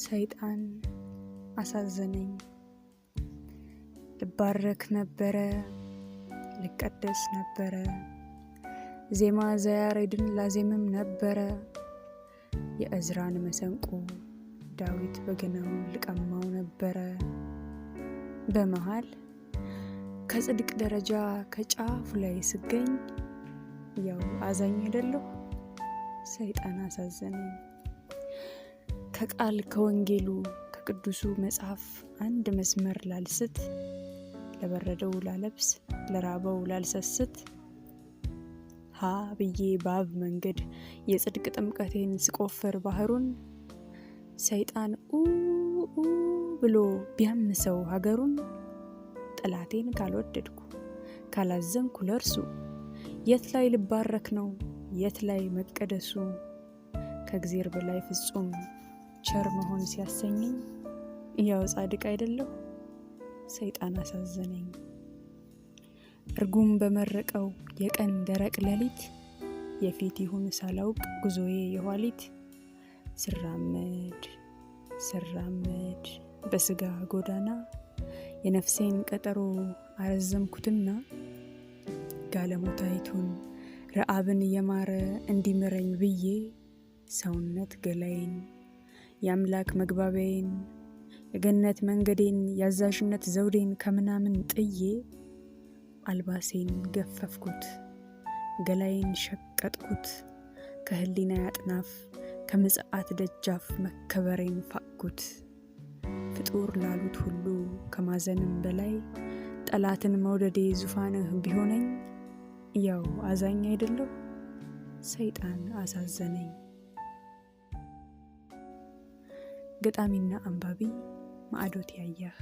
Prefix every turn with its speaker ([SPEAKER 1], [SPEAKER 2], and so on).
[SPEAKER 1] ሰይጣን አሳዘነኝ። ልባረክ ነበረ፣ ልቀደስ ነበረ፣ ዜማ ዘያሬድን ላዜምም ነበረ። የእዝራን መሰንቆ ዳዊት በገናው ልቀማው ነበረ። በመሃል ከጽድቅ ደረጃ ከጫፉ ላይ ስገኝ ያው አዛኝ አይደለሁ፣ ሰይጣን አሳዘነኝ። ከቃል ከወንጌሉ ከቅዱሱ መጽሐፍ አንድ መስመር ላልስት፣ ለበረደው ላለብስ፣ ለራበው ላልሰስት ሀ ብዬ ባብ መንገድ የጽድቅ ጥምቀቴን ስቆፍር ባህሩን ሰይጣን ኡ ብሎ ቢያምሰው ሀገሩን ጠላቴን ካልወደድኩ ካላዘንኩ ለእርሱ የት ላይ ልባረክ ነው የት ላይ መቀደሱ ከእግዜር በላይ ፍጹም ቸር መሆን ሲያሰኘኝ ያው ጻድቅ አይደለሁ ሰይጣን አሳዘነኝ። እርጉም በመረቀው የቀን ደረቅ ሌሊት የፊት ይሁን ሳላውቅ ጉዞዬ የኋሊት ስራመድ ስራመድ በስጋ ጎዳና የነፍሴን ቀጠሮ አረዘምኩትና ጋለሞታይቱን ረአብን እየማረ እንዲምረኝ ብዬ ሰውነት ገላይን የአምላክ መግባቢያዬን የገነት መንገዴን የአዛዥነት ዘውዴን ከምናምን ጥዬ አልባሴን ገፈፍኩት፣ ገላዬን ሸቀጥኩት፣ ከህሊና አጥናፍ ከምጽአት ደጃፍ መከበሬን ፋቅኩት። ፍጡር ላሉት ሁሉ ከማዘንም በላይ ጠላትን መውደዴ ዙፋንህ ቢሆነኝ ያው አዛኝ አይደለሁ፣ ሰይጣን አሳዘነኝ። ገጣሚና አንባቢ ማዕዶት ያየህ